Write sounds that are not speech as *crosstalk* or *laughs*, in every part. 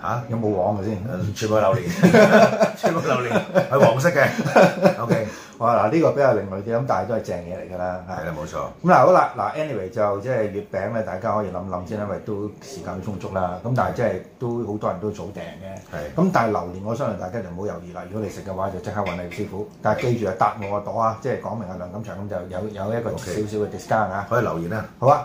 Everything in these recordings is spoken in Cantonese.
嚇有冇黃嘅先？全部係榴蓮，全部榴蓮係黃色嘅。OK，我話嗱呢個比較另類啲，咁但係都係正嘢嚟㗎啦。係啦，冇錯。咁嗱好啦，嗱 anyway 就即係月餅咧，大家可以諗諗先，因為都時間都充足啦。咁但係即係都好多人都早訂嘅。係。咁但係榴蓮，我相信大家就唔好猶豫啦。如果你食嘅話，就即刻揾你師傅。但係記住啊，搭我個朵啊，即係講明阿梁錦祥咁就有有一個少少嘅 discount 啊，可以留言啊，好啊。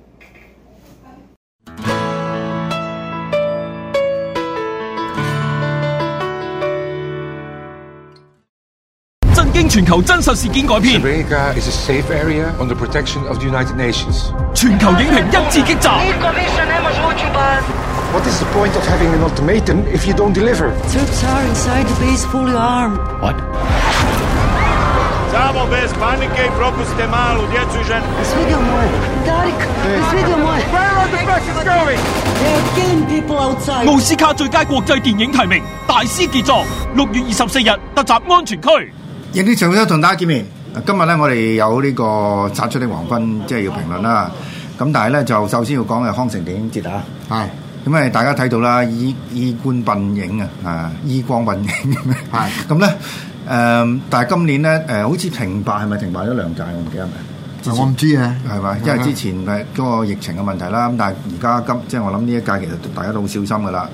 經全球真實事件改編。全球影評一致激贊。奧斯卡最佳國際電影提名，大師傑作。六月二十四日，特集安全區。影啲長者同大家見面。今日咧，我哋有呢個殺出個黃昏，即係要評論啦。咁但係咧，就首先要講嘅康城電影節啊？係是。咁誒，大家睇到啦，依依、啊、冠笨影啊，啊 *laughs* *laughs* 是，依光笨影咁樣。咁咧，誒，但係今年咧，誒、呃呃，好似停擺，係咪停擺咗兩屆？我唔記得咪。我唔知啊。係咪？因為之前誒嗰個疫情嘅問題啦。咁但係而家今，即係我諗呢一屆，其實大家都好小心噶啦。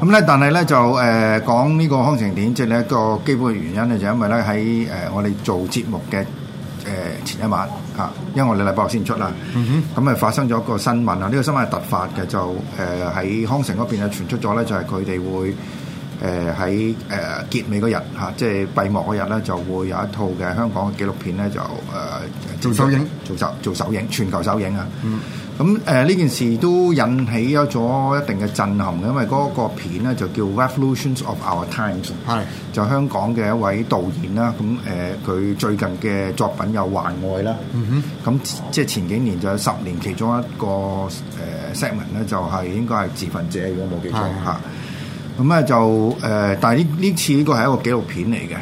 咁咧，但係咧就誒、呃、講呢個康城典即呢一個基本嘅原因咧，就因為咧喺誒我哋做節目嘅誒、呃、前一晚啊，因為我哋禮拜六先出啦，咁咪、嗯、哼發生咗一個新聞啊！呢、這個新聞係突發嘅，就誒喺、呃、康城嗰邊啊傳出咗咧，就係佢哋會誒喺誒結尾嗰日嚇，即係閉幕嗰日咧，就會有一套嘅香港嘅紀錄片咧，就、呃、誒做首映，做首做首映，全球首映啊！嗯。咁誒呢件事都引起咗一定嘅震撼嘅，因為嗰個片咧就叫《Revolutions of Our Times》，是就香港嘅一位導演啦。咁誒佢最近嘅作品有《幻愛、嗯哼》啦，咁即係前幾年就有《十年》其中一個誒、呃、segment 咧，就係應該係自焚者，如果冇記錯嚇。咁咧是、啊、就誒、呃，但係呢呢次呢個係一個紀錄片嚟嘅。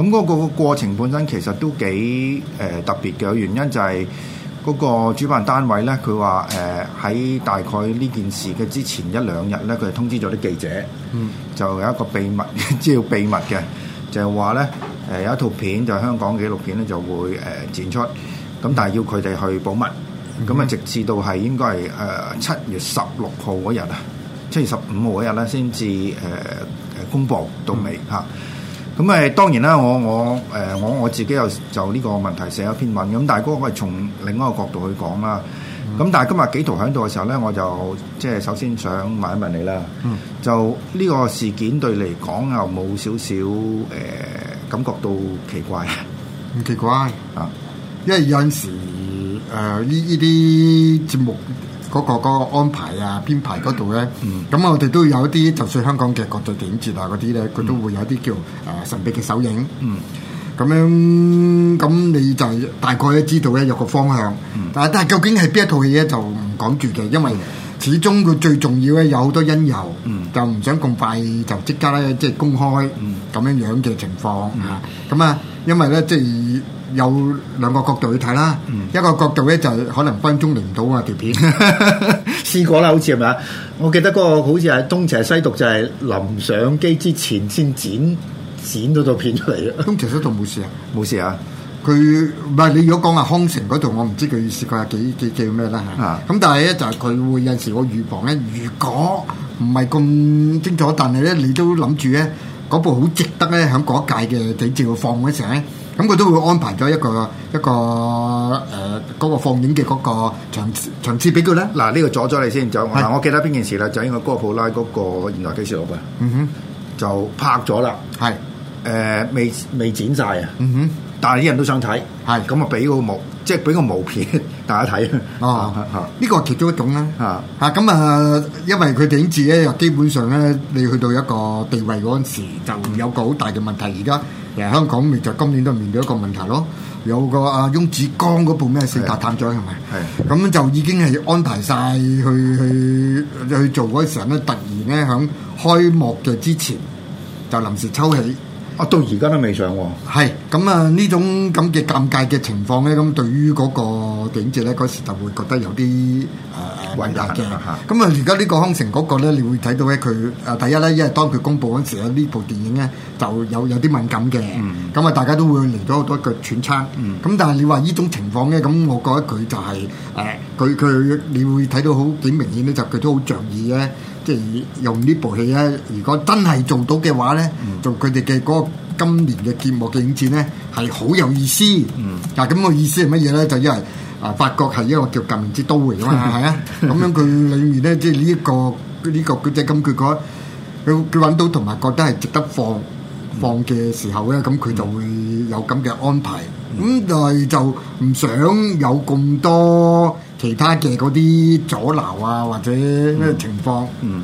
咁嗰個過程本身其實都幾誒、呃、特別嘅，原因就係、是。嗰個主辦單位咧，佢話誒喺大概呢件事嘅之前一兩日咧，佢就通知咗啲記者，嗯、就有一個秘密，即 *laughs* 要係秘密嘅，就係話咧誒有一套片就係、香港紀錄片咧就會誒、呃、展出，咁但係要佢哋去保密，咁啊、嗯、直至到係應該係誒七月十六號嗰日啊，七月十五號嗰日咧先至誒公佈到尾嚇、嗯。咁誒當然啦，我我誒我我自己有就呢個問題寫一篇文咁，大哥我係從另一個角度去講啦。咁、嗯、但係今日紀陶喺度嘅時候咧，我就即係首先想問一問你啦。嗯、就呢個事件對嚟講又冇少少誒、呃、感覺到奇怪，唔奇怪啊？因為有陣時誒呢呢啲節目。嗰個嗰個安排啊，編排嗰度呢，咁、嗯、我哋都有一啲，就算香港嘅國際電影節啊嗰啲呢，佢都會有啲叫誒、嗯呃、神秘嘅首映，咁樣咁你就大概都知道呢，有個方向，嗯、但係但係究竟係邊一套戲呢？就唔講住嘅，因為始終佢最重要呢，有好多因由，嗯、就唔想咁快就即刻呢，即係公開咁樣樣嘅情況，咁啊、嗯嗯嗯嗯嗯，因為呢，即係。有兩個角度去睇啦，嗯、一個角度咧就係可能分鐘零到啊條片，試過啦，好似係咪啊？我記得嗰個好似係東邪西毒，就係臨上機之前先剪剪咗套片出嚟啊。東邪西毒冇事啊，冇事啊。佢唔係你如果講啊康城嗰度，我唔知佢試過係幾幾叫咩啦嚇。咁但係咧就係佢會有時我預防咧，如果唔係咁清楚，但係咧你都諗住咧嗰部好值得咧喺嗰一屆嘅影展放嗰陣咧。咁佢都會安排咗一個一個誒嗰、呃這個、放映嘅嗰、那個場次場次俾佢咧。嗱呢個阻咗你先，就嗱是我記得邊件事咧，就因為哥普拉嗰個現代啟示錄嘅，嗯哼，就拍咗啦，係誒是、呃、未未剪晒啊，嗯哼，但係啲人都想睇，係咁啊，俾個毛，即係俾個毛片大家睇啊。 *laughs* *laughs* 哦，呢、這個係其中一種啦。啊啊咁啊，因為佢影視咧，又基本上咧，你去到一個地位嗰陣時，就有個好大嘅問題，而家。其實香港咪就今年都面對一個問題咯，有個阿翁子江嗰部咩《四大探長》係咪？係的，咁的就已經係安排晒去去去做嗰時，咧，突然咧響開幕嘅之前就臨時抽起。啊！到而家都未上喎。係咁啊！呢種咁嘅尷尬嘅情況咧，咁對於嗰個電影節咧，嗰時就會覺得有啲誒混雜嘅。咁啊，而家呢個康城嗰個咧，你會睇到咧，佢誒第一咧，因為當佢公佈嗰陣時咧，呢部電影咧就有有啲敏感嘅。咁啊、嗯，大家都會嚟到好多腳揣測。咁、嗯、但係你話呢種情況咧，咁我覺得佢就係、是、誒，佢佢、嗯、你會睇到好幾明顯咧，就佢都好仗義咧。即係用呢部戲咧，如果真係做到嘅話咧，做佢哋嘅嗰個今年嘅揭幕嘅影展咧，係好有意思。嗱，咁個意思係乜嘢咧？就因為啊，法國係一個叫革命之都嚟嘅嘛，係啊。咁樣佢裏面咧，即係呢一個呢個即係咁，佢講佢佢揾到同埋覺得係值得放放嘅時候咧，咁佢就會有咁嘅安排。咁但係就唔想有咁多。其他嘅嗰啲阻撓啊，或者咩情況，嚇、嗯，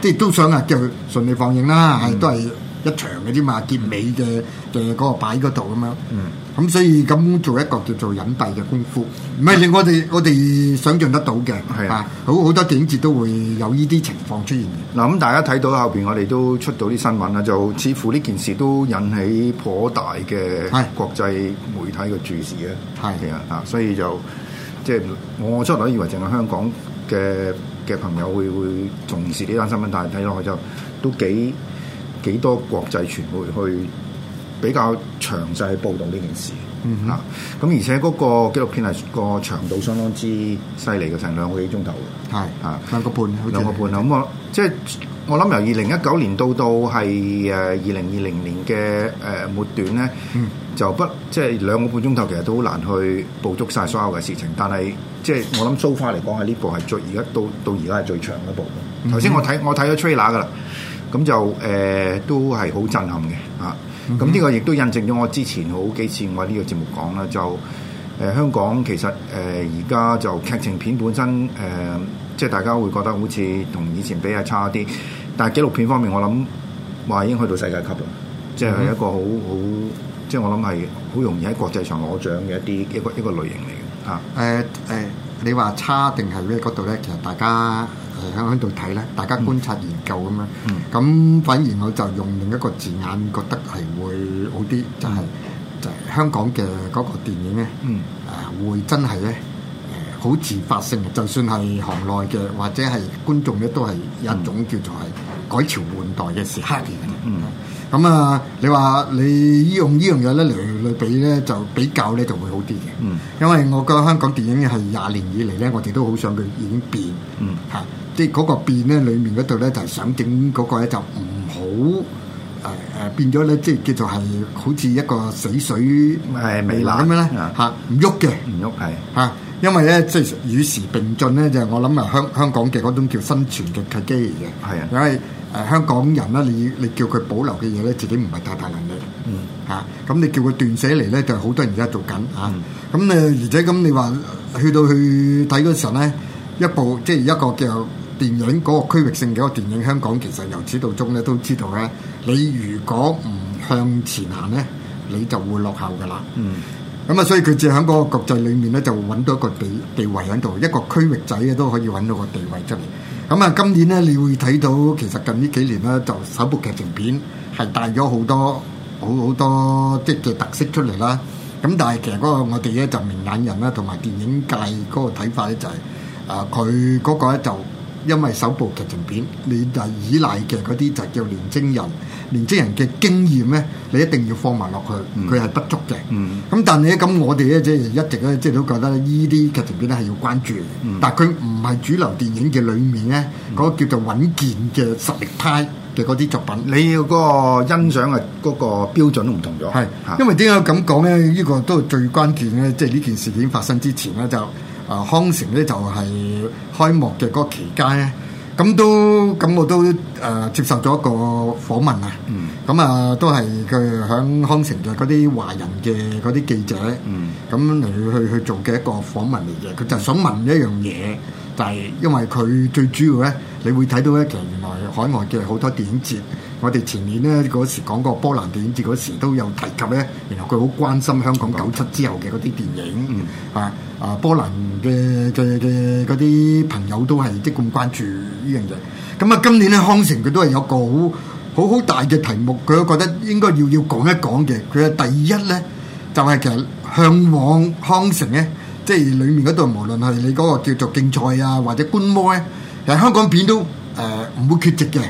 即係都想啊叫順利放映啦，嗯、都係一場嘅啫嘛，結尾嘅嘅嗰個擺嗰度咁樣，咁、嗯、所以咁做一個叫做隱蔽嘅功夫，唔係、嗯、令我哋我哋想像得到嘅，係啊， *laughs* 好好多景節都會有呢啲情況出現。嗱，咁大家睇到後邊我哋都出到啲新聞啦，就似乎呢件事都引起頗大嘅國際媒體嘅注視啊，係啊，所以就。即係我初頭以為淨係香港嘅嘅朋友會會重視呢單新聞，但係睇落去就都幾幾多國際傳媒去比較詳細報導呢件事。嗯哼，嗱、啊，咁而且嗰個紀錄片係個長度相當之犀利嘅，成兩個幾鐘頭嘅。是啊，兩個半，okay. 兩個半咁、嗯、我即係我諗由二零一九年到到係誒二零二零年嘅誒、呃、末段咧。嗯。就不即係兩個半鐘頭，其實都好難去捕捉晒所有嘅事情。但係即係我諗 so far 嚟講，係呢部係最而家到到而家係最長一部。頭先、mm hmm. 我睇我睇咗 trailer 噶啦，咁就誒、呃、都係好震撼嘅啊！咁呢、mm hmm. 個亦都印證咗我之前好幾次我喺呢個節目講啦，就誒、呃、香港其實誒而家就劇情片本身誒，即、呃、係、就是、大家會覺得好似同以前比較差啲，但係紀錄片方面，我諗話已經去到世界級啦，即、就、係、是、一個好好。Mm hmm. 即係我諗係好容易喺國際上攞獎嘅一啲一個一個類型嚟嘅嚇。誒誒、呃呃，你話差定係咩？嗰度咧？其實大家係響響度睇咧，大家觀察研究咁樣，嗯。嗯。咁反而我就用另一個字眼，覺得係會好啲，真係、嗯、就係香港嘅嗰個電影咧。嗯。誒、呃，會真係咧誒，好自發性就算係行內嘅或者係觀眾咧，都係一種叫做係改朝換代嘅時刻，嗯。嗯嗯嗯咁啊，你話你依用呢樣嘢咧嚟類比咧，就比較咧就會好啲嘅。因為我覺得香港電影係廿年以嚟咧，我哋都好想佢演變。嗯，嚇，即係嗰個變咧，裡面嗰度咧就係想整嗰個咧就唔好誒誒、呃、變咗咧，即、就、係、是、叫做係好似一個死水誒微藍咁樣咧嚇，唔喐嘅，唔喐係嚇。因為咧，即係與時並進咧，就係我諗啊，香香港嘅嗰種叫生存嘅契機嚟嘅。係啊的，因為誒香港人咧，你你叫佢保留嘅嘢咧，自己唔係太大能力。嗯。嚇、啊，咁你叫佢斷捨離咧，就係好多人而家做緊嚇。咁誒、嗯啊，而且咁你話去到去睇嗰陣咧，一部即係、就是、一個叫電影嗰、那個區域性嘅一個電影，香港其實由始到終咧都知道咧，你如果唔向前行咧，你就會落後㗎喇。嗯。咁啊，所以佢就係喺嗰個國際裏面咧，就揾到一個地地位喺度，一個區域仔啊都可以揾到個地位出嚟。咁啊，今年咧，你會睇到其實近呢幾年咧，就首部劇情片係帶咗好多好好多即嘅特色出嚟啦。咁但係其實嗰個我哋咧就明眼人啦，同埋電影界嗰個睇法咧就係、是，誒佢嗰個咧就。因為首部劇情片，你就係依賴嘅嗰啲就叫年青人，年青人嘅經驗咧，你一定要放埋落去，佢係、嗯、不足嘅。咁、嗯、但係咧，咁我哋咧即係一直咧即係都覺得呢啲劇情片咧係要關注、嗯、但係佢唔係主流電影嘅裏面咧，嗰個、嗯、叫做穩健嘅實力派嘅嗰啲作品，你要嗰個欣賞啊嗰個標準都唔同咗。係、嗯，係因為點解咁講咧？呢、呢個都係最關鍵咧，即係呢件事件發生之前咧就。啊、呃、康城咧就係開幕嘅嗰個期間咧，咁都咁我都誒、呃、接受咗一個訪問、嗯、啊，咁啊都係佢響康城嘅嗰啲華人嘅嗰啲記者，咁嚟、嗯、去去做嘅一個訪問嚟嘅。佢就係想問一樣嘢，就係因為佢最主要咧，你會睇到其實原來海外嘅好多電影我哋前年咧嗰時講過波蘭電影節嗰時都有提及咧，原來佢好關心香港九七之後嘅嗰啲電影，啊、嗯、啊波蘭嘅嘅嘅嗰啲朋友都係即咁關注呢樣嘢。咁啊，今年咧康城佢都係有個好好好大嘅題目，佢都覺得應該要要講一講嘅。佢嘅第一咧就係、是、其實向往康城咧，即、就、係、是、裡面嗰度無論係你嗰個叫做競賽啊或者觀摩咧，其實香港片都誒唔會缺席嘅。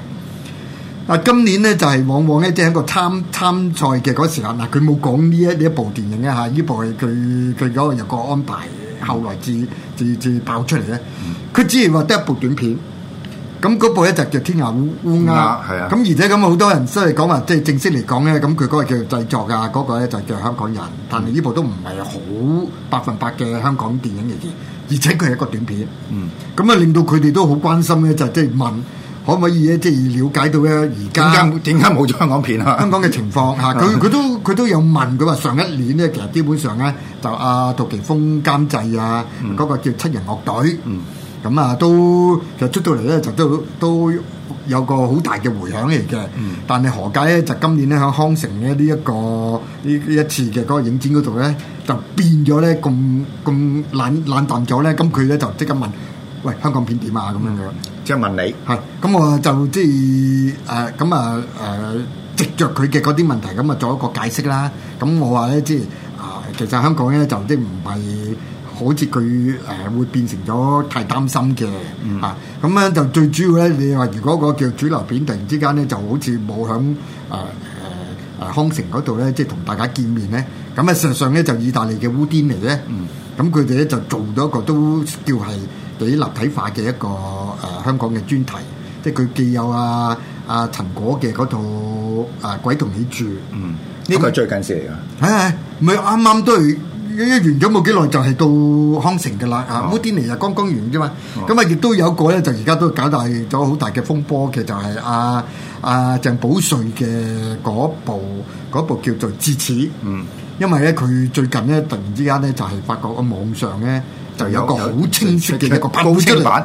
嗱，今年咧就係往往咧即係一個參參賽嘅嗰時間，嗱佢冇講呢一呢一部電影嘅嚇，呢部佢佢嗰個有個安排，後來至自自，自爆出嚟咧，佢、嗯、只係話得一部短片，咁嗰部咧就叫《天下烏烏鴉》，係啊，咁而且咁好多人即係講話即係正式嚟講咧，咁佢嗰個叫製作噶，嗰、嗰個咧就叫香港人，但係呢部都唔係好百分百嘅香港電影嚟嘅，而且佢係一個短片，嗯，咁啊、嗯、令到佢哋都好關心咧，就即、係、係問。可唔可以咧即係了解到咧？而家點解冇咗香港片啊？香港嘅情況吓，佢佢 *laughs* 都佢都有問佢話，上一年咧其實基本上咧就阿杜琪峰監製啊，嗰、嗯、個叫七人樂隊，咁、嗯、啊都就出到嚟咧就都都有個好大嘅回響嚟嘅。嗯、但係何解咧？就今年咧喺康城咧呢一個呢一次嘅嗰個影展嗰度咧就變咗咧咁咁冷冷淡咗咧？咁佢咧就即刻問：喂，香港片點啊？咁這樣樣。即係問你，係咁，我就即係誒咁啊誒，藉著佢嘅嗰啲問題，咁啊做一個解釋啦。咁我話咧，即係啊，其實香港咧就即係唔係好似佢誒會變成咗太擔心嘅、嗯、啊。咁咧就最主要咧，你話如果個叫主流片突然之間咧、呃呃，就好似冇響誒誒誒康城嗰度咧，即係同大家見面咧。咁啊，實際上咧就意大利嘅烏甸嚟咧，咁佢哋咧就做咗一個都叫係，幾立體化嘅一個誒、啊、香港嘅專題，即係佢既有啊啊陳果嘅嗰套誒《鬼同你住》，嗯，呢、呢個係係最近事嚟嘅，係係、啊，唔啱啱都係一完咗冇幾耐就係到康城嘅啦、啊啊，啊，烏甸尼又剛剛完啫嘛，咁啊亦都有個咧就而家都搞大咗好大嘅風波嘅，就係阿阿鄭保瑞嘅嗰部嗰部叫做《智齒》，嗯，因為咧佢最近咧突然之間咧就係、是、發覺喺網上咧。就有個好清晰嘅一個高、高清版，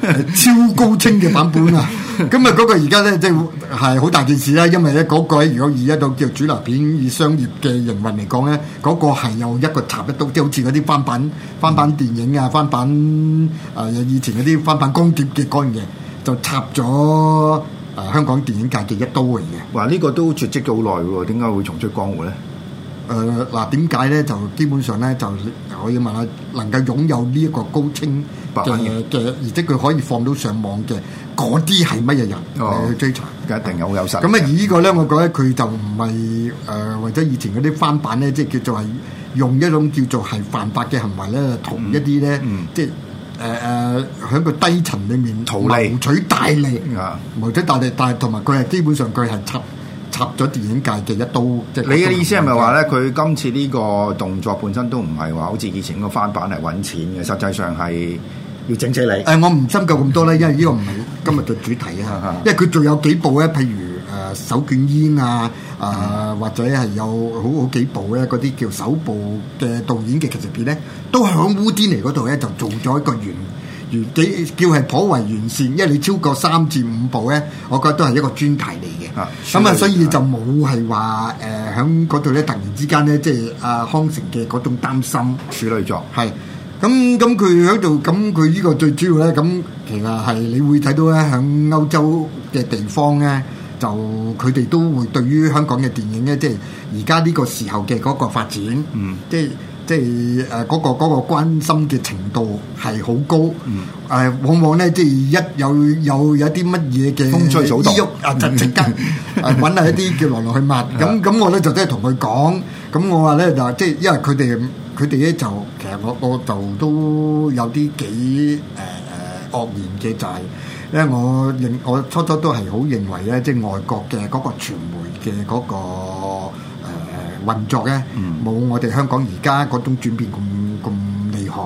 *laughs* 超高清嘅版本啊！咁啊嗰個而家咧，即係係好大件事啦。因為咧嗰個如果以一個叫主流片、以商業嘅人物嚟講咧，嗰、嗰個係有一個插一刀，即、就是、好似嗰啲翻版、翻版、嗯、電影啊、翻版啊以前嗰啲翻版光碟嘅嗰樣嘢，就插咗啊、呃、香港電影界嘅一刀嚟嘅嘢。話呢、呢個都絕跡咗好耐喎，點解會重出江湖咧？誒嗱點解咧？就基本上咧，就可以問下能夠擁有呢一個高清嘅嘅，而且佢可以放到上網嘅，嗰啲係乜嘢人去追查？一定、哦、有好有實。咁啊，依個咧，我覺得佢就唔係誒，或者以前嗰啲翻版咧，即係叫做係用一種叫做係犯法嘅行為咧，同一啲咧，嗯嗯、即係誒誒，喺、呃、個低層裏面牟利取大利，牟取、嗯啊、大利，但係同埋佢係基本上佢係執。插咗電影界嘅一刀，即係你嘅意思係咪話咧？佢今次呢個動作本身都唔係話好似以前個翻版嚟揾錢嘅，實際上係要整死你。誒、呃，我唔深究咁多咧，因為呢個唔係今日嘅主題啊。 *laughs* 因為佢仲有幾部咧，譬如誒、呃、手捲煙啊，誒、呃、或者係有好好幾部咧，嗰啲叫首部嘅導演嘅劇情片咧，都喺烏甸尼嗰度咧就做咗一個圓。完幾叫係頗為完善，因為你超過三至五部咧，我覺得都係一個專題嚟嘅。啊，咁啊、嗯，所以就冇係話誒，喺嗰度咧，突然之間咧，即係阿康城嘅嗰種擔心處理咗。係，咁咁佢喺度，咁佢呢個最主要咧，咁其實係你會睇到咧，喺歐洲嘅地方咧，就佢哋都會對於香港嘅電影咧，即係而家呢個時候嘅嗰個發展，嗯，即係。即係誒嗰個嗰、那個、關心嘅程度係好高，誒、嗯啊、往往咧即係一有有有啲乜嘢嘅，風吹草動，喐玉啊，疾疾根，揾下一啲叫來來去去，咁咁、嗯、我咧就即係同佢講，咁我話咧就即係因為佢哋佢哋咧就其實我我就都有啲幾誒誒、呃、愕然嘅，就係、是、因為我認我初初都係好認為咧，即係外國嘅嗰個傳媒嘅嗰、那個。運作嘅冇我哋香港而家嗰種轉變咁咁厲害，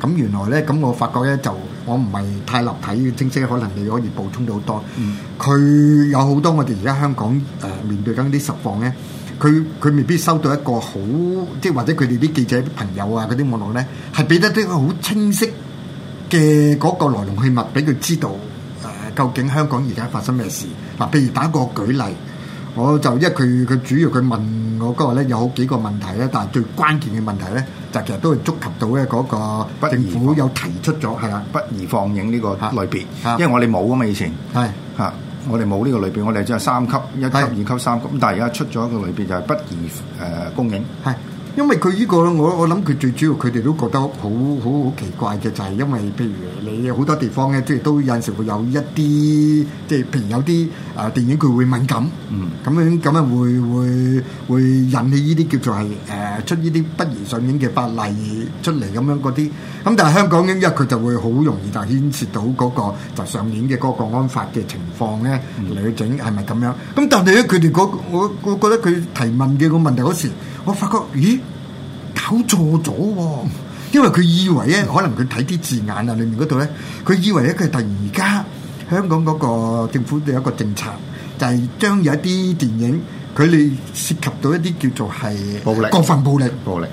咁、嗯、原來咧咁我發覺咧就我唔係太立體，清晰，可能你可以補充到好多。佢、嗯、有好多我哋而家香港誒面對緊啲實況咧，佢佢未必收到一個好，即係或者佢哋啲記者朋友啊嗰啲網絡咧係俾得啲好清晰嘅嗰個來龍去脈俾佢知道誒，究竟香港而家發生咩事嗱？譬如打一個舉例。我就因為佢佢主要佢問我嗰個咧有好幾個問題咧，但係最關鍵嘅問題咧，就其實都係觸及到咧嗰個政府有提出咗係啊，不宜放映呢個類別，因為我哋冇啊嘛以前係嚇的我哋冇呢個類別，我哋只係三級、一級、的二級、三級，咁但係而家出咗一個類別就係不宜誒公映係。呃因為佢呢、這個咧，我我諗佢最主要，佢哋都覺得好好好奇怪嘅，就係、是、因為譬如你好多地方咧，即係都有陣時候會有一啲，即係譬如有啲啊、呃、電影佢會敏感，嗯，咁樣咁啊會會會引起呢啲叫做係誒、呃、出呢啲不宜上映嘅法例出嚟，咁樣嗰啲，咁但係香港一佢就會好容易就牽涉到嗰個就上映嘅嗰個國安法嘅情況咧嚟去整，係咪咁樣？咁但係咧，佢哋嗰我我覺得佢提問嘅個問題嗰時。我發覺，咦？搞錯咗喎！因為佢以為咧，可能佢睇啲字眼啊，裏面嗰度咧，佢以為咧，佢係突然間香港嗰個政府有一個政策，就係將有一啲電影，佢哋涉及到一啲叫做係暴力過分暴力暴力。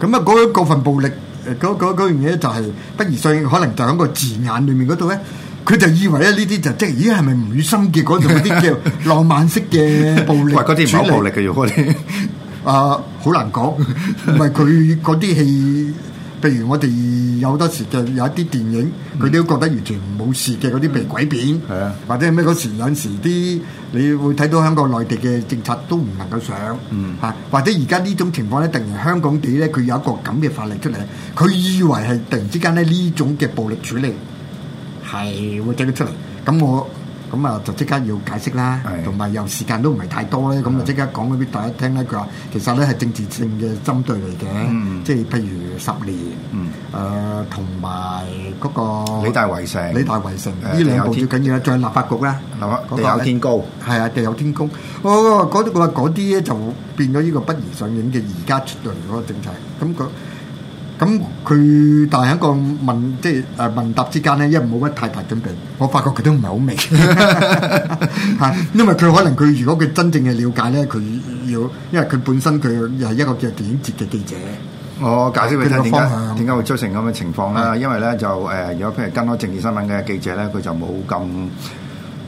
咁啊，嗰過分暴力誒，嗰嗰嗰樣嘢就係不如所以，可能就喺個字眼裏面嗰度咧，佢就以為咧呢啲就即係咦，係咪吳宇森嗰度嗰啲叫浪漫式嘅暴力？嗰啲冇暴力嘅要我哋。啊，好、呃、難講，唔係佢嗰啲戲，譬如我哋有好多時就有一啲電影，佢都覺得完全冇事嘅嗰啲被鬼片，係啊，嗯、或者咩嗰時有陣時啲，你會睇到香港內地嘅政策都唔能夠上，嗯，嚇、啊，或者而家呢種情況咧，突然香港地咧，佢有一個咁嘅法例出嚟，佢以為係突然之間咧呢種嘅暴力處理係會整咗出嚟，咁我。咁啊，就即刻要解釋啦，同埋又時間都唔係太多咧，咁啊即刻講俾大家聽咧。佢話其實咧係政治性嘅針對嚟嘅，即係譬如十年，誒同埋嗰個理大圍城，理大圍城呢兩部最緊要啦，再立法局咧，立法地厚天高，係啊地厚天高，哦嗰個嗰啲咧就變咗呢個不宜上映嘅而家出嚟嗰個政策，咁佢。咁佢、嗯、但係一個問即係誒、呃、問答之間咧，因為冇乜太大準備，我發覺佢都唔係好明嚇，因為佢可能佢如果佢真正嘅了解咧，佢要因為佢本身佢又係一個叫電影節嘅記者，我解釋俾你點解點解會出成咁嘅情況啦。的因為咧就誒，如、呃、果譬如跟開政治新聞嘅記者咧，佢就冇咁誒。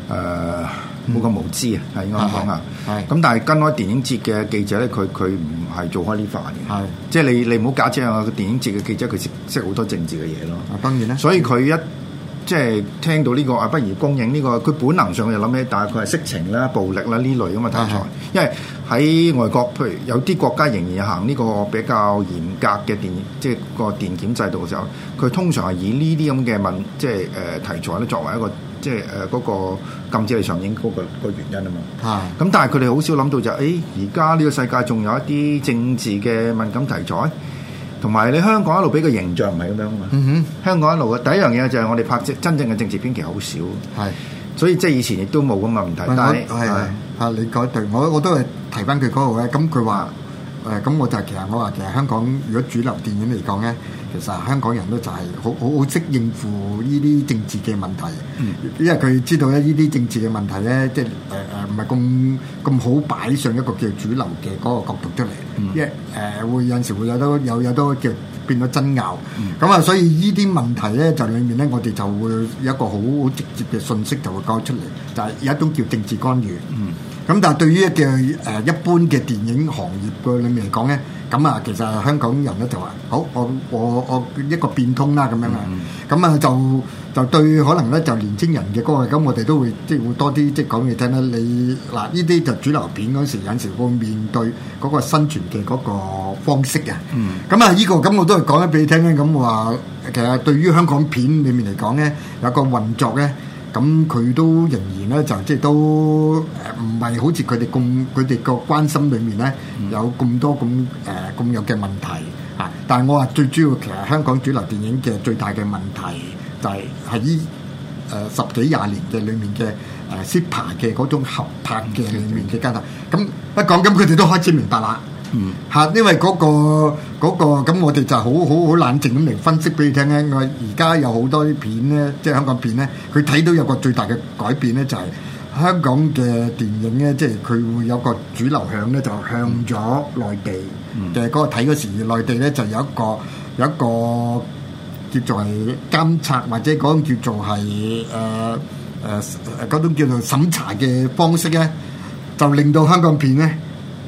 呃冇咁、嗯、無知啊，係應該咁講啊。咁但係跟開電影節嘅記者咧，佢佢唔係做開呢塊嘅。係即係你你唔好假設啊，個電影節嘅記者佢識識好多政治嘅嘢咯。啊，當然啦。所以佢一即係、就是、聽到呢、這個啊，不如公映呢個，佢本能上就諗起，但係佢係色情啦、嗯、暴力啦呢類咁嘅題材。是因為喺外國，譬如有啲國家仍然行呢個比較嚴格嘅電，即、就、係、是、個電檢制度嘅時候，佢通常係以呢啲咁嘅問，即係誒題材咧作為一個。即係誒嗰個禁止嚟上映嗰個個原因啊嘛，咁但係佢哋好少諗到就誒，而家呢個世界仲有一啲政治嘅敏感題材，同埋你香港一路俾個形象唔係咁樣啊嘛，香港一路嘅第一樣嘢就係我哋拍即真正嘅政治片其實好少，所以即係以前亦都冇咁嘅問題。係啊，你講對，我我都係提翻佢嗰個咧。咁佢話誒，咁我就其實我話其實香港如果主流電影嚟講咧。其實香港人都就係好好好識應付呢啲政治嘅問題，嗯、因為佢知道咧呢啲政治嘅問題咧，即係誒誒唔係咁咁好擺上一個叫主流嘅嗰個角度出嚟，因為誒、嗯呃、會有陣時會有得有有得叫變咗爭拗，咁啊、嗯嗯、所以呢啲問題咧就裡面咧我哋就會有一個好好直接嘅信息就會交出嚟，就係、是、有一種叫政治干預，咁、嗯嗯、但係對於嘅誒、呃、一般嘅電影行業嘅裡面嚟講咧。咁啊，其實香港人咧就話：好，我我我一個變通啦咁樣嘛。咁啊、嗯，就就對，可能咧就年青人嘅歌咁我哋都會即係會多啲即係講俾你聽啦。你嗱，呢啲就主流片嗰時，有陣時會面對嗰個生存嘅嗰個方式啊。嗯。咁啊，呢個咁我都係講一俾你聽咧。咁話其實對於香港片裡面嚟講咧，有個運作咧。咁佢都仍然咧，就即係都唔係好似佢哋咁，佢哋個關心裏面咧有咁多咁誒，咁樣嘅問題。啊！但係我話最主要其實香港主流電影嘅最大嘅問題就係喺依誒十幾廿年嘅裏面嘅誒 super 嘅嗰種合拍嘅裏面嘅階段。咁、嗯、一講咁，佢哋都開始明白啦。嗯，嚇、那個！因為嗰個嗰個咁，我哋就好好好冷靜咁嚟分析俾你聽咧。我而家有好多啲片咧，即係香港片咧，佢睇到有個最大嘅改變咧，就係、是、香港嘅電影咧，即係佢會有個主流向咧，就向咗內地嘅嗰、嗯、個睇嗰時，內地咧就有一個有一個叫做係監察，或者嗰種叫做係誒誒嗰種叫做審查嘅方式咧，就令到香港片咧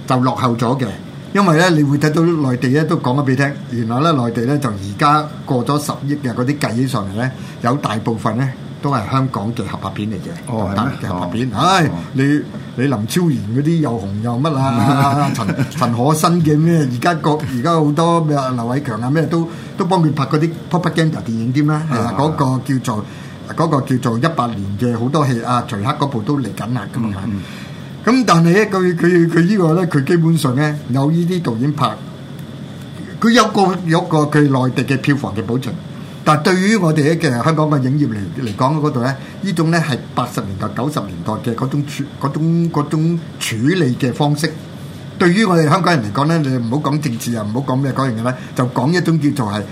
就落後咗嘅。因為咧，你會睇到內地咧都講咗俾你聽，原來咧內地咧就而家過咗十億嘅嗰啲計上嚟咧，有大部分咧都係香港嘅合拍片嚟嘅。哦，係合拍片。唉，你、哦、你，你林超賢嗰啲又紅又乜、嗯、啊？陳陳可辛嘅咩？而家個而家好多咩啊？劉偉強啊咩都都幫佢拍嗰啲 propaganda 電影添啦。係啊，嗰、嗯啊、個叫做嗰、嗰個叫做一八年嘅好多戲啊，徐克嗰部都嚟緊啦㗎嘛。啊啊咁但係咧，佢佢佢依個咧，佢基本上咧有呢啲導演拍，佢有個有個佢內地嘅票房嘅保障。但係對於我哋嘅香港嘅影業嚟嚟講嗰度咧，呢種咧係八十年代九十年代嘅嗰種處嗰種嗰種處理嘅方式。對於我哋香港人嚟講咧，你唔好講政治啊，唔好講咩樣嘢咧，就講一種叫做係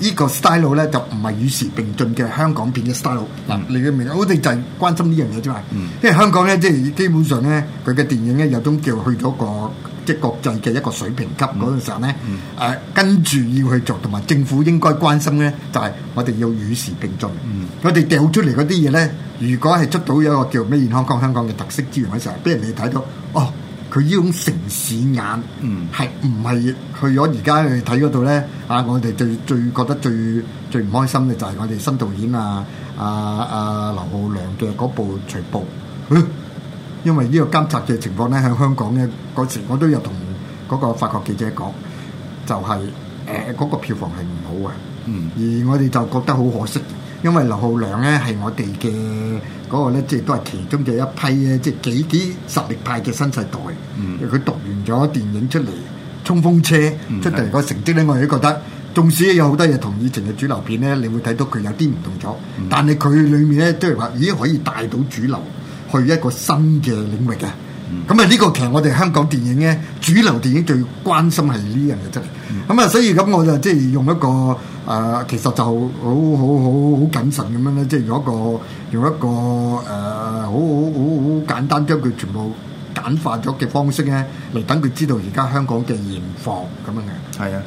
呢個 style 咧，就唔係與時並進嘅香港片嘅 style。你明，我哋就係關心呢樣嘢啫嘛。因為香港咧，即係基本上咧，佢嘅電影咧有種叫去咗個即係國際嘅一個水平級嗰陣時候咧，誒跟住要去做，同埋政府應該關心咧，就係我哋要與時並進。我哋掉出嚟嗰啲嘢咧，如果係捉到有一個叫咩健康港香港嘅特色資源嘅時候，俾人哋睇到哦。佢呢種城市眼，係唔係去咗而家去睇嗰度咧？啊！我哋最最覺得最最唔開心嘅就係我哋新導演啊啊啊劉浩良嘅嗰部《除暴》，因為呢個監察嘅情況咧，喺香港咧嗰時我都有同嗰個法國記者講，就係誒嗰個票房係唔好嘅，嗯、而我哋就覺得好可惜。因為劉浩良咧係我哋嘅嗰個咧，即係都係其中嘅一批咧，即係幾幾實力派嘅新世代。佢、嗯、讀完咗電影出嚟，衝鋒車出嚟個成績咧，嗯、我係覺得，縱使有好多嘢同以前嘅主流片咧，你會睇到佢有啲唔同咗。嗯、但係佢裡面咧，即係話已經可以帶到主流去一個新嘅領域嘅。咁啊，呢個、嗯、其實我哋香港電影咧，主流電影最關心係呢樣嘢啫。咁啊，所以咁我就即係用一個誒，其實就好好好好好謹慎咁樣咧，即係用一個用一個誒，好好好好簡單將佢全部簡化咗嘅方式咧，嚟等佢知道而家香港嘅現況咁樣嘅。係啊。